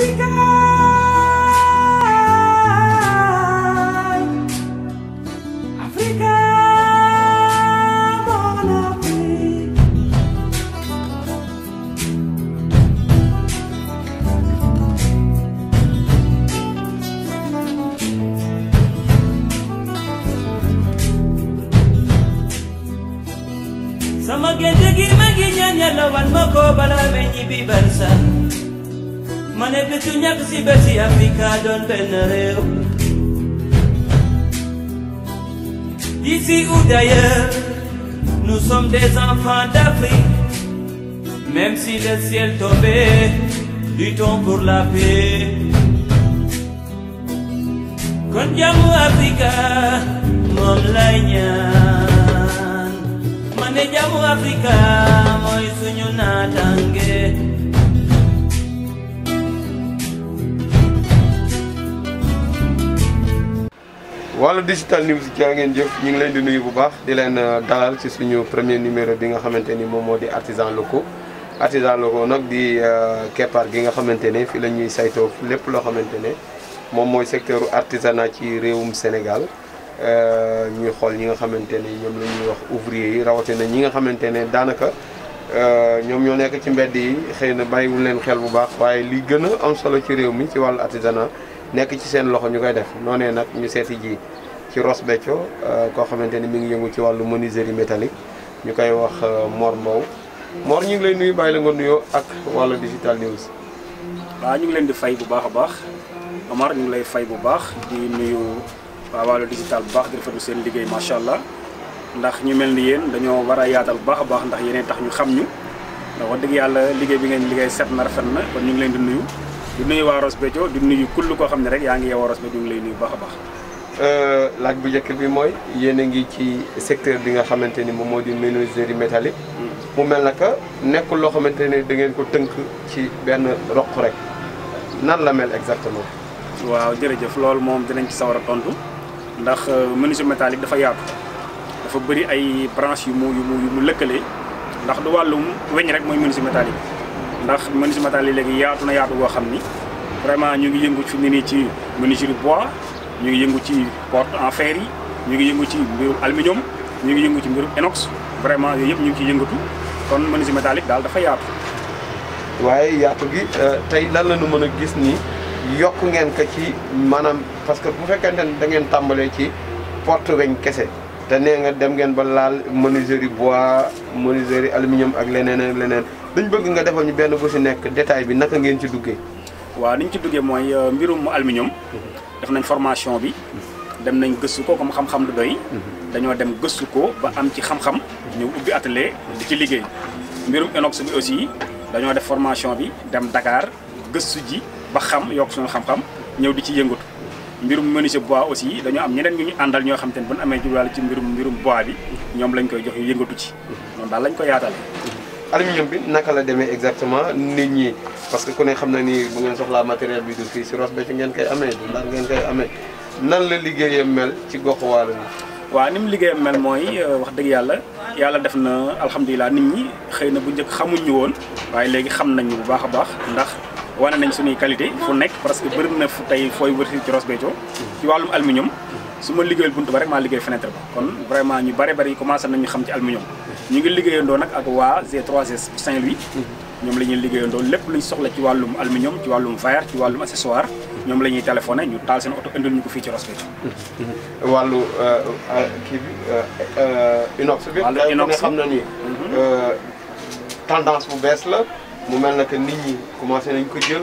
Sama gede gir magi nyanyi lawan moko bala menyi bi ma ne bésu ñàkk si bési Afrika don benn Ici Ici ou d'ailleurs, nous sommes des enfants d'Afrique Même si le ciel tombait, luttons pour la paix Quand jàmm Afrika mon lay ñaan ma ne jàmm Afrika mooy suñu naataange wàllu digital news jaa ngeen jëf ñu ngi leen di nuyu bu baax di leen uh, dalal ci suñu premier numéro bi nga xamante ni moom moo di artisan locaux artisan locaux nag di uh, keppaar gi nga xamante ne fii la ñuy saytoo lépp loo xamante ne moom mooy secteur artisanat ci réewum Sénégal uh, ñuy xool ñi nga xamante ne ñoom la ñuy wax ouvrier yi na ñi nga xamante ne daanaka ñoom ñoo nekk ci mbedd yi xëy na bàyyiwul leen xel bu baax waaye li gën a am solo ci réew mi ci wàllu artisanat nekk ci seen loxo ñu koy def noonee nag ñu seeti ji ci Ross Béthio euh, koo xamante ni mi ngi yëngu ci wàllu menuiserie métallique ñu koy wax euh, moor Mbow. Mor ñu ngi lay nuyu bàyyi la nga nuyoo ak wàllu digital news. waa ñu ngi leen di fay bu baax a baax Omar ñu ngi lay fay bu baax di nuyu waa wàllu digital bu baax di rafetlu seen liggéey macha allah ndax ñu mel ni yéen dañoo war a yaatal bu baax baax ndax yeneen tax ñu xam ñu ndax wax dëgg yàlla liggéey bi ngeen liggéey set na rafet na kon ñu ngi leen di nuyu. du nuyu waa Ross Béthio du nuyu kull koo xam ne rek yaa ngi yeewoo Ross Béthio ñu ngi lay nuyu baax a baax. Euh, laaj bu njëkk bi mooy yéen a ngi ci secteur bi nga xamante ni moom moo di menuiserie métallique. Hmm. mu mel na que nekkul loo xamante ne da ngeen ko tënk ci benn roq rek nan la mel exactement. waaw jërëjëf loolu moom dinañ ci sawar a tontu ndax mënu euh, menuiserie métallique dafa yaatu dafa bëri ay branches yu mu yu mu yu mu lëkkale ndax du wàllu weñ rek mooy si métallique. ndax menuiserie métallique léegi yaatu na yaatu goo xam ni vraiment ñu ngi yëngu fi mu ne nii ci menuiserie bois ñu ngi yëngu ci porte en fer yi ñu ngi yëngu ci mbirum aluminium ñu ngi yëngu ci mbiru inox vraiment yooyu yëpp ñu ngi ciy yëngatu kon menuiserie métallique daal dafa yaatu. waaye yaatu gi euh, tey lan la ñu mën a gis ni yokk ngeen ko ci maanaam parce que bu fekkente ne da ngeen tàmbalee ci porte weñ kese. te nee nga dem ngeen ba laal menuiserie bois menuiserie aluminium ak leneen leneen. dañ bëgg nga defal ñu benn bu ci nekk détail bi naka ngeen ci duggee waaw niñ ci duggee mooy euh, mbirum aluminium mhm. def nañ formation bi mhm. dem nañ gëssu ko comme xam-xam du doy mhm. dañoo dem gëssu ko ba am ci xam-xam ñu ubbi atelier di ci liggéey mbirum inox bi aussi dañoo def formation bi dem Dakar gëssu ji ba xam yokk suñu xam-xam ñëw di ci yëngatu mbirum menuisier bois aussi dañoo am ñeneen ñu ñu àndal ñoo xam ne bu ñu amee jubluwaale ci mbirum mbirum bois bi ñoom lañ koy jox yu yëngatu ci noonu daal lañ ko yaatale aluminium bi naka la demee exactement nit ñi parce que ku ne xam na ni bu ngeen soxlaa matériel bi du fii si Ross Béthio ngeen koy amee du Ndar ngeen koy amee nan la liggéeyam mel ci goxu Waalo bi. waaw ni mu liggéeyam mel mooy euh, wax dëgg yàlla yàlla def na alhamdulilah nit ñi xëy na bu njëkk xamuñu woon waaye léegi xam nañu bu baax a baax ndax. wane nañ suñuy qualité fu nekk parce que bëri na fu tey fooy wër ci Ross Béthio ci wàllum aluminium su ma liggéeyal buntu ba rek maa liggéey fenêtre ba kon vraiment ñu bare bari commencé nañu xam ci aluminium ñu ngi liggéeyandoo nag ak waa G3S bu saint ñoom la ñuy liggéeyandoo lépp luñ soxla ci wàllum aluminium ci wàllum verre ci wàllum accessoire ñoom la ñuy téléphoné ñu taal seen oto indil ñu ko fii ci Ross Béthio wàllu euh, euh, kii bi euh, inox bi wàllu inox xam na ni mhm. tendance bu bees la mu mel na que nit ñi commencé nañ ko jël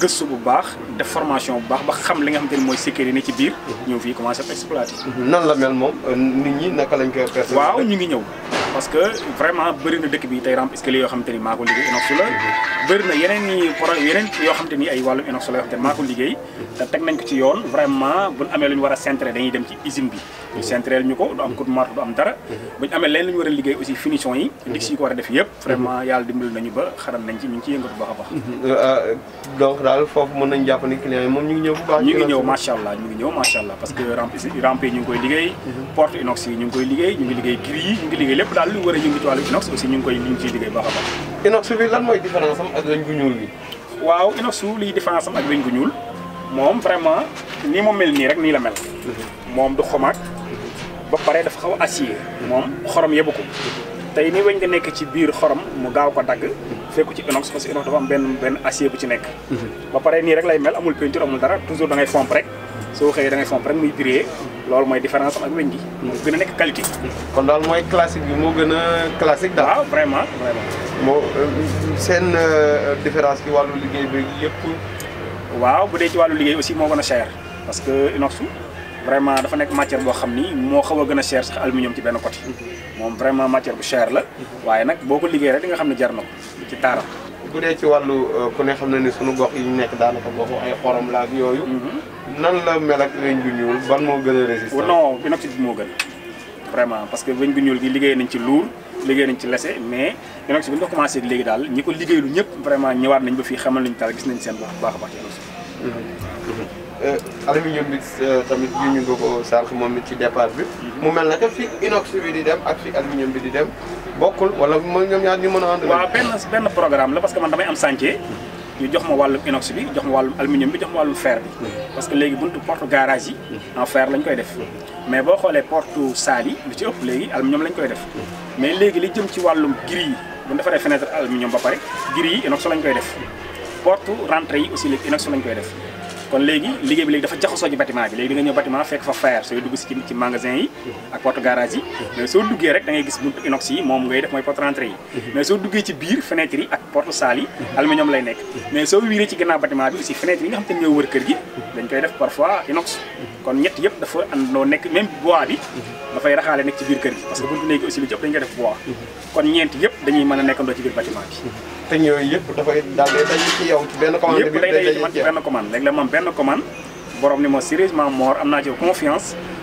de bu formation bu ba xam li nga sécurité parce que vraiment bëri na dëkk bi tey rampe escalier yoo xam ni maa ko liggéey inox la bëri yeneen i pro yoo xam te ay wàllum inox la yoon vraiment allah parce que rampe rampe yi koy liggéey mhm. porte inox yi ñu ngi koy liggéey ñu ngi liggéey gris yi ñu ngi liggéey lépp daal lu war a yëngu ci wàllu inox ñu ngi koy ñu ngi ciy liggéey baax a baax. inox bi lan mooy différence am ak weñ gu ñuul bi. waaw inox liy différence am ak weñ gu ñuul moom vraiment ni mu mel nii rek nii la mel. moom du xomaag. ba pare dafa xaw a acier. moom xorom yebu ko. tey ni weñ nga nekk ci biir xorom mu gaaw ko dagg. fekku ci inox parce que inox dafa am benn benn acier bu ci nekk. Mhm. ba pare nii rek lay mel amul peinture amul dara toujours dangay ngay fomp rek. soo xëyee da ngay somp rek muy biree loolu mooy différence ak weñ gi moo gën a nekk qualité kon daal mooy classique bi moo gën a classique daal waaw vraiment vraiment moo eh, seen eh, différence ci wàllu liggéey bi yëpp waaw bu dee ci wàllu liggéey aussi moo gën a cher parce que inox vraiment dafa nekk matière boo xam ni moo xaw a gën a cher sax aluminium ci benn côté moom vraiment matière bu cher la waaye nag boo ko liggéey rek di nga xam ne jar na ko ci taaram bu dee ci wàllu eh, ku ne xam ne ni sunu gox yi ñu nekk daanaka goxu ay xorom la ak yooyu mhm. nan la mel ak weñ gu ñuul ban moo gën a résistant. non inoxide bi moo gën vraiment parce que weñ gu ñuul gi liggéey nañ ci luur liggéey nañ ci lese mais inoxide bi léegi daal ñi ko liggéeylu ñëpp vraiment ñëwaat nañ ba fii xamal nañ gis nañ seen bopp bu mm-hmm. mm-hmm. euh, euh, tamit ñu ñu nga ko sànq moom it ci départ bi. Mm-hmm. mu mel na que fi inox bi di dem ak fi aluminium bi di dem bokkul wala ñoom ñaar ñu mën a. ànd waaw benn benn programme la parce que man damay am chantier. ñu jox ma wàllum inox bi jox ma wàllum aluminium bi jox ma wàllum fer bi. Mm-hmm. parce que léegi buntu porte garage yi. Mm-hmm. en fer lañ koy def. Mm-hmm. mais boo xoolee porte saal yi lu ci ëpp léegi aluminium lañ koy def. mais léegi li jëm ci wàllum gris yi bu ñu defaree fenêtre aluminium ba pare gris yi inox lañ koy def porte rentrée yi aussi léegi inox lañ koy def. kon léegi liggéey bi léegi dafa jaxasoo ci bâtiment bi léegi da nga ñëw bâtiment fekk fa fer sooy dugg si ci magasin yi ak porte garage yi mais soo duggee rek da ngay gis buntu inox yi moom ngay def mooy porte rentrée yi ci biir fenêtre yi ak porte salle yi aluminium lay nekk mais soo wiiree ci gannaaw bâtiment bi aussi fenêtre ne ci biir kër aussi lu ci ëpp dañ koy def bois kon ñeent yëpp dañuy mën a nekkandoo ci biir bâtiment bi te yooyu yëpp dafay daal day daje ci yow ci benn commande bi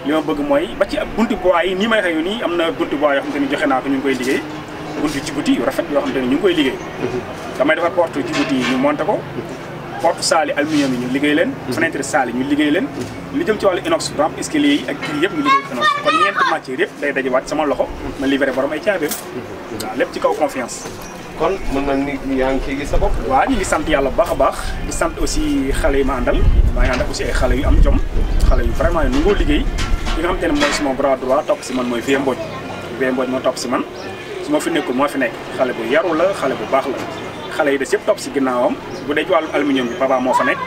yëpp na buntu ko ñu ngi koy liggéey buntu Djibouti yu rafet yoo xam leen fenêtre saali ñu liggéey leen li jëm ci wàllu sama loxo ma livré borom ay caabeem waaw lépp ci kaw confiance kon mën na nit ñi yaa ngi ciy gis sa bopp. waaw ñu ngi sant yàlla bu baax a baax di sant aussi xale yi ma àndal maa ngi ànd aussi ay xale yu am jom xale yu vraiment yu nangoo liggéey li nga xam te ne mooy suma bras droit topp si man mooy Vieux Mbodj Vieux Mbodj moo topp si man su ma fi nekkul moo fi nekk xale bu yaru la xale bu baax la xale yi des yëpp topp si ginnaawam bu dee ci wàllu aluminium bi papa moo fa nekk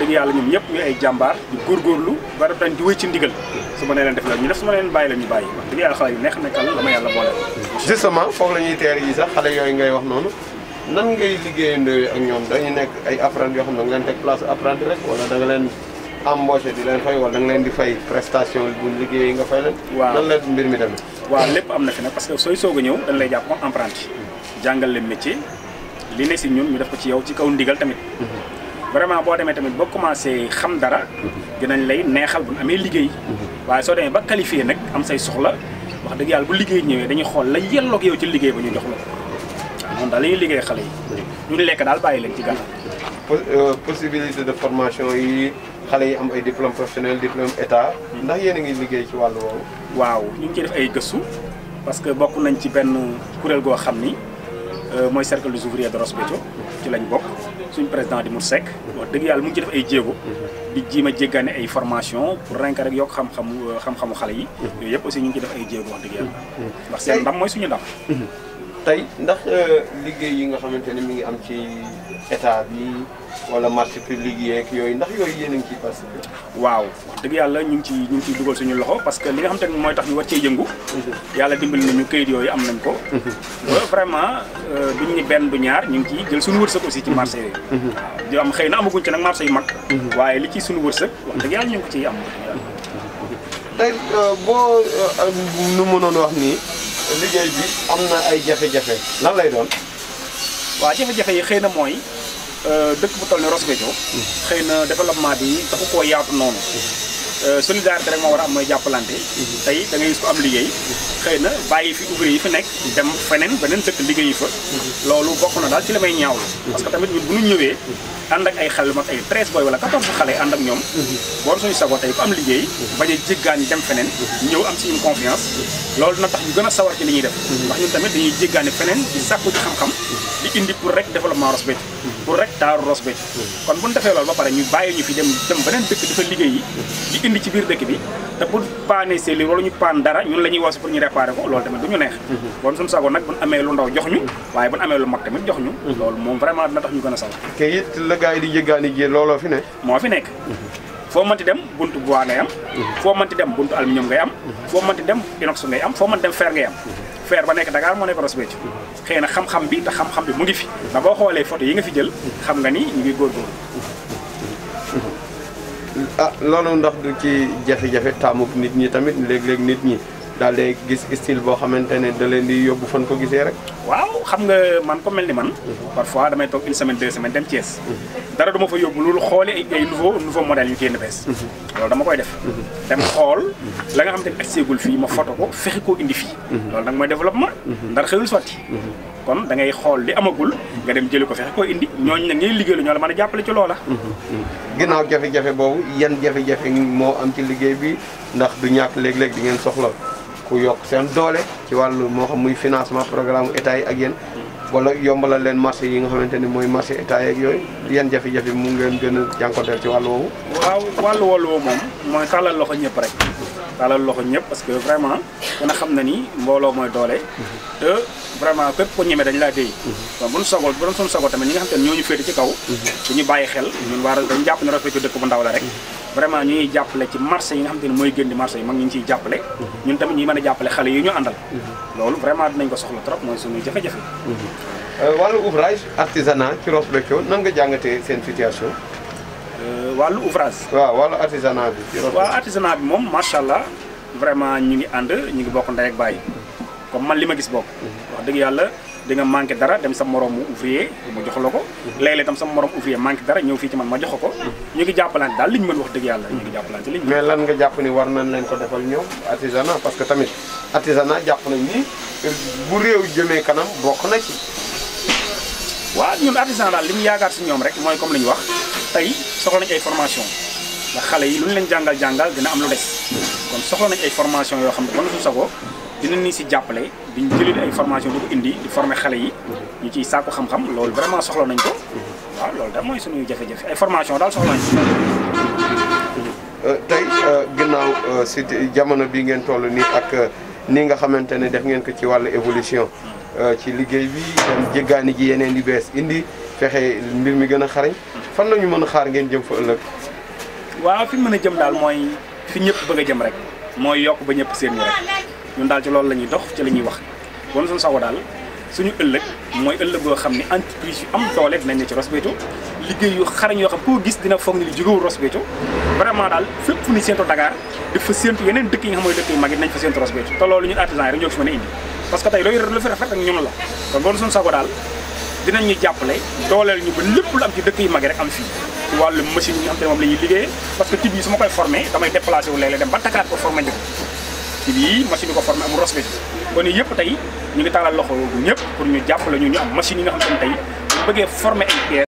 dëgg yàlla ñun ñëpp ñu ay jàmbaar di ci ndigal su ma nee leen def la leen bàyyi la ñu bàyyi wax dëgg yàlla xale yu neex nekkal la ma yàlla boole justement foofu la ñuy teer sax xale yooyu ngay wax noonu nan ngay liggéeyandoo ak ñoom dañu nekk ay apprenti yoo xam ne da nga leen teg place apprenti rek wala da nga leen embauché di leen fay wala da nga leen di fay prestation bu liggéey nga fay leen waaw nan la mbir mi demee waaw lépp am na fi nag parce que sooy soog ñëw dañ lay jàpp comme apprenti jàngal leen métier li ne si ñun ñu def ko ci yow ci kaw ndigal tamit mhm. vraiment bo demee tamit ba commencé xam dara dinañ lay neexal bu amé liggéey waye so demee ba qualifier nak am say soxla wax deug yalla bu liggéey ñëwé dañuy xol la yello ak yow ci liggéey ba ñu jox la waaw noonu daal liggéey xalé ñu duñu dal bayi bàyyi leen ci gan euh, possibilité de formation yi xalé yi am ay diplôme professionnel diplôme état hmm. ndax yeen a ngi liggéey ci walu woowu waaw ñu ngi ci def ay gëstu parce que bokku nañ ci ben kuréel go xamni Euh, mooy cercle des ouvriers de Ross Béthio ci lañ bokk suñ président di Mour Seck wax dëgg yàlla mu ngi ci def ay jéego di jiim a ay formation pour rank rek yok xam xam xam-xamu euh, xalé yi yooyu yëpp aussi ñu ngi ci def ay jéego wax dëgg yalla wax mm-hmm. sen ndam moy suñu ndam mm-hmm. tey ndax euh, liggéey yi nga xamante ne mi ngi am ci état bi wala marché public yeeg yooyu ndax yooyu yéen a ngi ciy participer. waaw wax dëgg yàlla ñu ngi ci ñu ci ciy dugal suñu loxo parce que li nga xam ne mooy tax ñu war cee yëngu. Mhm. yàlla dimbali nañu kayit yooyu am nañ ko. loolu mhm. vraiment euh, duñ ni benn du ñaar ñu ngi ciy jël suñu wërsëg aussi ci marché yooyu. Mhm. di am xëy na amaguñ ci nag marché yu mag. waaye li ci suñu wërsëg. wax dëgg yàlla ñu ngi ko ciy am. tey euh, boo nu mënoon liggéey bi am na ay jafe-jafe lan lay doon. waa jafe-jafe yi xëy na mooy euh, dëkk bu toll ne Ross hmm. xëy na développement bi dafa ko yaatu noonu. Hmm. Euh, solidarité rek moo war a am mooy jàppalante mhm. tey da ngay gis ko am liggéey mhm. xëy na bàyyi fi ouvrier yi fi nekk dem feneen beneen dëkk liggéey yi fa mhm. loolu bokk na daal ci la may ñaawlu parce que tamit ñun bu ñu ñëwee ànd ak ay xale mag ay treize booy wala quatorze xale ànd ak ñoom boon suñu sago tey ku am liggéey bañ a jéggaani dem feneen ñëw am si une confiance loolu na tax ñu gën a sawar ci li ñuy def ndax ñun tamit dañuy jéggaani feneen di sàkku ci xam indi pour rek développement pour rek taaru Ross Béthio kon bu ñu defee loolu ba pare ñu bàyyee ñu fi dem dem beneen dëkk di fa liggéey yi di indi ci biir dëkk bi te bu paanee seeli wala ñu paan dara ñun la ñuy woosi pour ñu réparer ko loolu tamit du ñu neex bon mhm. suñu sago nag bu ñu amee lu ndaw jox ñu waaye bu ñu amee lu mag tamit jox ñu mhm. loolu moom vraiment na tax ñu gën a sawar te it la gars yi di jéggaani ji looloo fi ne moo fi nekk mhm. foo mënti dem bunt bois ngay am foo mënti dem buntu aluminium ngay am foo mënti dem inox ngay am foo mënti dem fer ngay am feer ba nekk Dakar moo nekk Ross xëy na xam-xam bi te xam-xam bi mu ngi fi ndax boo xoolee photo yi nga fi jël xam nga ni ñu ngi góorgóorlu ah loolu ndax du ci jafe-jafe taamu nit ñi tamit léeg-léeg nit ñi daal di gis style boo xamante ne da leen di yóbbu fan ko gisee rek waaw xam nga man ko mel ni man. parfois damay toog une semaine deux semaines dem Thiès. dara du ma fa yóbbu loolu xooli ay ay nouveau nouveau modèle yu génn bees. loolu dama koy def. dem xool la nga xam te ne agseegul fii ma foto ko fexe koo indi fii. loolu nag mooy développement. ndar xëyul sotti. kon da ngay xool li amagul nga dem jëli ko fexe koo indi ñooñ nag ñooy liggéey lu ñoo la mën a jàppale ci loola. ginnaaw jafe-jafe boobu yan jafe-jafe moo am ci liggéey bi ndax du ñàkk léeg-léeg di ngeen soxla. bu yokk seen doole ci wàllu moo xam muy financement programme état yi ak yéen wala yombalal leen marché yi nga xamante ni mooy marché état yeeg yooyu yan jafe-jafe mu ngeen gën a ci wàllu woowu waaw wàllu wàllu moom mooy tàllal loxo ñëpp rek tàllal loxo ñëpp parce que vraiment dana xam na ni mbooloo mooy doole te vraiment képp ko ñemee dañu laa déy mhm. donc buñu sogol bu doon suñu sogol tamit ñi nga xam te ne ñooñu féete ci kaw suñu mhm. bàyyi xel ñun waa dañu jàpp ne rafet dëkk bu ndaw la rek mhm. vraiment ñuy jappalé ci marché yi nga xamanteni moy gënd marché yi mag ñu ngi ciy jàppale mhm. ñun tamit ñuy mëna jappalé xalé yi ñu andal mhm. loolu vraiment dinañ ko soxla trop moy suñu jafé jafé mhm. euh, walu ouvrage artisanat ci Ross Béthio nan nga jangaté seen situation euh, walu ouvrage wa walu artisanat bi wa artisanat bi mom machallah vraiment ñu ngi and ñu ngi bok ndey ak bay comme man lima gis bok wax deug yalla di manke dara dem sa moromu ouvrier mu jox lako lele tam sa morom ouvrier manke dara ñew fi ci man ma jox ko ñu ngi jappalante dal liñ mën wax deug yalla ñu ngi jappalante liñ mais lan nga japp ni war nañ leen ko defal ñoom artisanat parce que tamit artisanat japp nañ ni bu rew jëmee kanam bok na ci wa ñun artisanat dal li ñu ci ñom rek moy comme li wax tay soxla nañ ay formation da xalé yi lu leen jangal jangal dina am lu dess kon soxla nañ ay formation yo xamne ne ba su sago dinañ ni si jàppale diñ jëlit ay formation di indi di former xale yi ñu ci sàkku xam-xam loolu vraiment soxla nañ ko waaw loolu da mooy suñu jafe-jafe ay formation daal soxla nañ euh, tey euh, ginnaaw si euh, jamono bi ngeen toll nii ak ni nga xamante ne def ngeen ko ci wàllu évolution ci liggéey bi dem jéggaani ji yeneen di bees indi fexe mbir mi gën a xarañ fan la ñu mën a xaar ngeen jëm fa ëllëg waaw fi mën a jëm daal mooy fi ñëpp bëgg a jëm rek mooy yokk ba ñëpp seen rek ñun daal ci loolu la ñuy dox ci la ñuy wax bon suñu sago daal suñu ëllëg mooy ëllëg goo xam ne entreprise yu am doole dinañ ne ci Ross Béthio liggéey yu xarañ yoo xam koo gis dina foog ni li jógewul Ross Béthio vraiment daal fépp fu ñu séentu Dakar dafa séentu yeneen dëkk yi nga xam dëkk yu mag yi dinañ fa séentu Ross te loolu ñun artisan yi ñoo fi mën a indi parce que tey looy lu fi rafet ak ñun la kon bon suñu sago daal ñu ba lépp lu am ci dëkk yu mag yi rek am fii ci lii machine yi ko formé amul respect kon yëpp tey ñu ngi tàllal loxo ñëpp pour ñu jàppale ñu ñu am machine yi nga xam ne tey bu bëggee formé ay